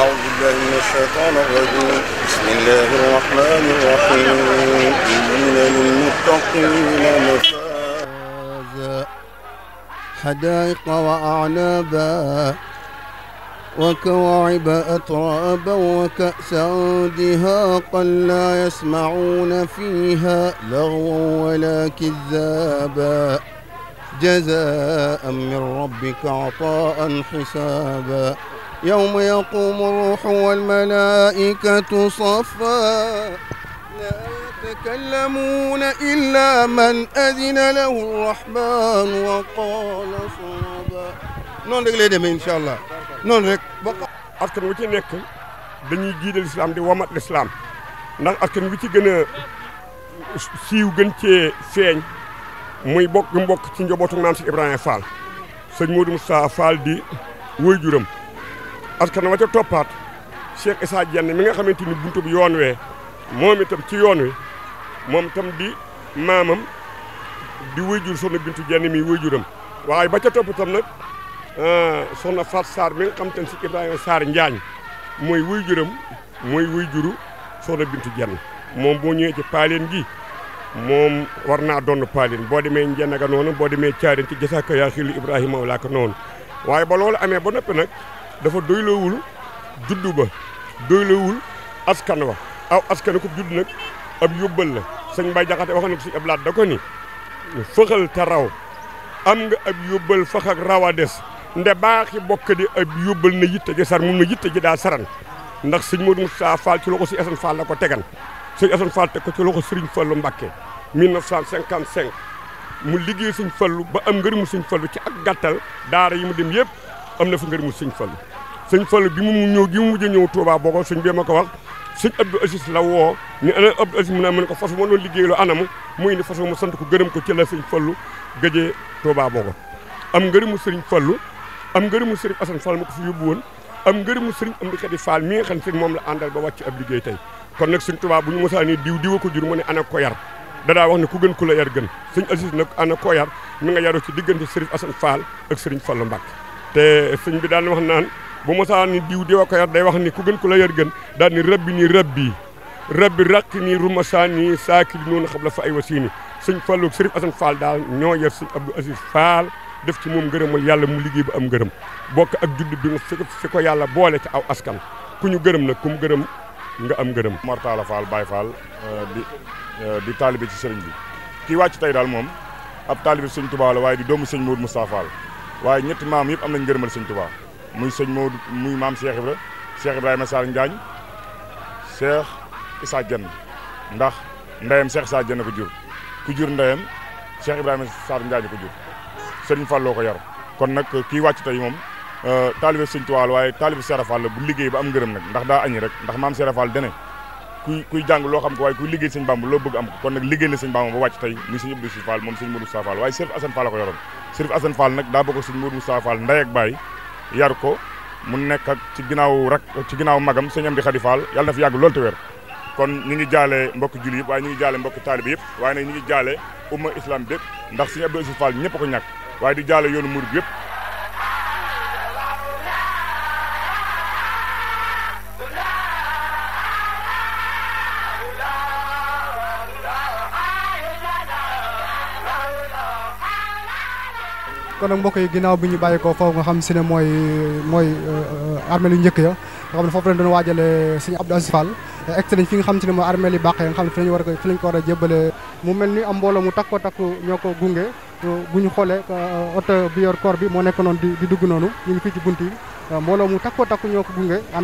أعوذ بالله من الشيطان الرجيم بسم الله الرحمن الرحيم إن للمتقين مفازا حدائق وأعنابا وكواعب أترابا وكأسا دهاقا لا يسمعون فيها لغوا ولا كذابا جزاء من ربك عطاء حسابا يوم يقوم الروح والملائكة صفا لا يتكلمون إلا من أذن له الرحمن وقال صوابا noonu rek lay demee incha allah noonu rek bokk askan wu ci nekk dañuy jiidal islam di wamat l'islam ndax askan wu ci gën a siiw gën cee feeñ muy bokk mbokk ci njabootu maam si Ibrahima Fall sëñ Modou Moustapha Fall di woy juram askan wa ca toppaat Cheikh Issa Diagne mi nga xamante ni buntu bu yoon wee moom itam ci yoon wi moom itam di maamam di wëyjur soxna Bintu Diagne mi wëyjuram waaye ba ca topp itam nag ah, soxna Faat Sarr mi nga xam te ne si Ibrahima Sarr Njaañ mooy wëyjuram mooy wëyjuru soxna Bintu Diagne moom boo ñëwee ci paaleen ji moom war naa doon paalin boo demee Njenne ga noonu boo demee Thiarène ci jasaaka yaa xiilu Ibrahima wala ka noonu waaye ba loolu ba noppi nag. dafa doyloowul juddu ba doyloowul askan wa aw askan ko judd nag ab yóbbal la sëñ Baye Jaxate wax na ko suñu ablaat da ko ni fëxal te raw am nga ab yóbbal fax ak raw a des nde baaxi bokk di ab yóbbal na yitte ji sar moom na yitte ji daa saran ndax sëñ Modou saa Fall ci loxo si Assane Fall la ko tegan sëñ Assane Fall teg ko ci loxo Serigne Fallou Mbacké 1955 mu liggéey sëñ Fallou ba am ngërëmu sëñ Fallou ci ak gàttal daara yi mu dem yëpp am na fa ngërëmu sëñ Fallou sëñ Fallu bi mu ñëw gi mu mujj ñëw Touba boo ko sëñ bee ma ko wax sëñ Abdou Aziz la woo ni ana Abdou Aziz mu ne ma ne ko fas ma doon liggéeyloo muy ni fas ma sant ko gërëm ko ci la sëñ Fallu gëjee Touba boo ko am ngërëmu sëriñ Fallu am ngërëmu mu Assane Fall ma ko woon am ngërëmu sëriñ Amdi Xadi Fall mi nga xam sëñ moom la àndal ba wàcc ab liggéey tey kon nag sëñ Touba bu ñu mosaa ni diw diwa ko jur mu ne ana ko yar dadaa wax ne ku gën ku yar gën sëñ Aziz nag ana ko yar mi nga yaroo ci diggante sëriñ Assane Fall ak sëriñ Fallu bu mosaa ni diw diwa ko yar day wax ni ku gën ku la yar gën daal ni rabbi ni rabbi rabbi ràq nii rumasaa nii saakir noonu xam la fa ay wasii ni sëñ Fallou sëriñ Assane Fall daal ñoo yar sëñ Abdou Aziz Fall def ci moom ngërëmal yàlla mu liggéey ba am ngërëm bokk ak judd bi nga fi ko yàlla boole ci aw askan ku ñu gërëm nag ku mu gërëm nga am ngërëm Martala Fall Baye Fall euh, di euh, di taalibe ci sëriñ bi kii wàcc tey daal moom ab taalibe sëñ Touba waaye di doomu sëñ Mour Moustapha Fall waaye ñetti maam am nañ ngërëmal sëñ Touba muy sëñ Maodo muy maam Cheikh Ibra Cheikh Ibrahima Sall Njaañ Cheikh Issa Dieng ndax ndeyam Cheikh Issa Dieng ko jur ku jur ndeyam Ibrahima Sall Njaañ ko jur sëñ yar kon nag kii wàcc tey moom euh, taalibe sëñ Tuwaal waaye taalibe Cheikh Fall la bu liggéey ba am ngërëm nag ndax daa añi rek ndax maam Cheikh Fall dene kuy kuy jàng loo xam ko waaye kuy liggéey sëñ Bamba loo bëgg am kon nag liggéey na sëñ Bamba ba wàcc tey muy sëñ Abdou moom sëñ Modou yar ko mu nekk ci ginnaaw rak ci ginnaaw magam sëñ Amdi Khady Fall yàlla na fi yàgg lool te wér kon ñu ngi jaale mbokki julli yëpp waaye ñu ngi jaale mbokki taalibe yëpp waaye nag ñu ngi jaale umma islam bépp ndax sëñ Abdou Aziz Fall ñëpp ko ñàkk waaye di jaale yoonu murid yëpp kon nag mbokk yi ginnaaw bi ñu bàyyi ko foofu nga xam si ne mooy mooy euh, armée lu njëkk ya nga xam ne foofu lañ doon waajale sëñ Abdou Aziz Fall egsi fi nga xam si ne mooy armée li bàqee nga xam ne fi lañ war a fi lañ ko war mu mel ni am mbooloo ko gunge bu ñu xoolee euh, oto bi bi moo nekk noonu di di dugg noonu ñu ngi fii ci euh, mu takko ko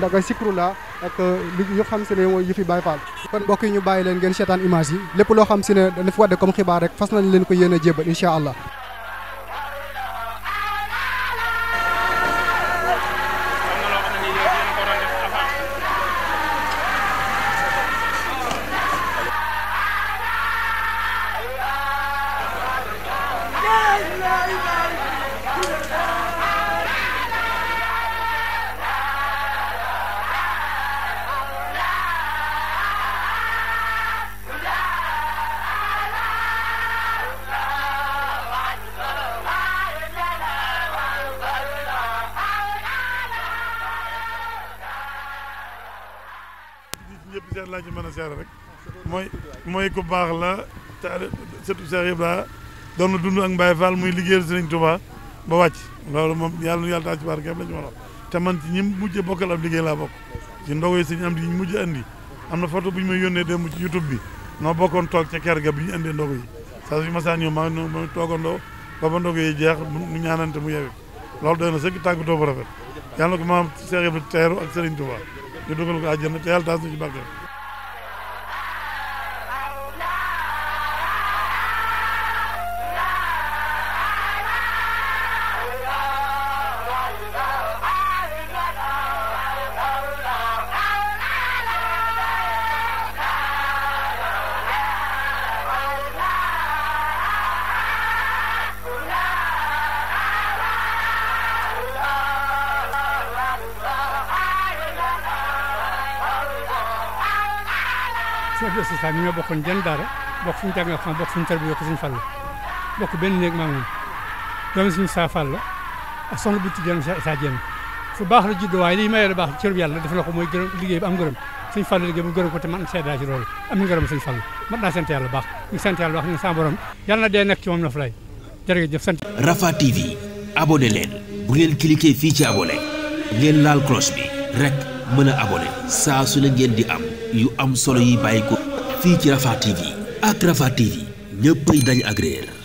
ak ay sikru la ak li yoo xam si ne mooy yëfi Baye Fall kon ñu bàyyi leen ngeen seetaan image yi lépp loo xam si ne dañu fi wadde comme xibaar rek fas leen ko yéen a jébbal incha allah ñëpp seet laa ci mën a seere rek mooy mooy ku baax la te surtout Cheikh Ibra doon na dund ak Mbaye Fall muy liggéeyal Sëriñ Touba ba wàcc loolu moom yàlla nu yàlla taal ci barke la ñu mën man ñi mujj bokkal ab liggéey bokk ci ndogo yi sëñ am di ñu na photo bu ñu may yónnee démb ci YouTube bi noo bokkoon toog ca ker ga bi ñu andee ndogo yi saa su ma saa ñëw maa ngi ma toogandoo ba ba ndogo yi jeex mu ñaanante mu yewi loolu doy na sëkk tàggatoo bu rafet yàlla na ko maam Cheikh Ibra teeru ak Sëriñ Touba ñu dugal ko àjjana te yàlla taas na ci barke chef de station ñu ñoo bokkoon jën daara bokk fu ñu jàngee xam bokk fu ñu tarbiyoo ko suñu fàll bokk benn néeg maa moom doomi suñu saa fàll ak soxna bu tudd sa saa jenn fu baax la juddoo waaye lii mayee la baax cërub yàlla def na ko mooy gërëm liggéey bi am ngërëm suñu fàll liggéey bu gërëm ko te man seedaa ci loolu am na ngërëm suñu fàll mat naa sant yàlla baax ñu sant yàlla baax ñu sant borom yàlla na dee nekk ci moom na fa lay jërëjëf sant Rafah TV abonné leen bu ngeen cliquer fii ci abonné ngeen laal cloche bi rek mën a abonné saa su la ngeen di am yu am solo yi bàyyi ko fii ci Rafah TV ak Rafah TV ñëppay dañ agréer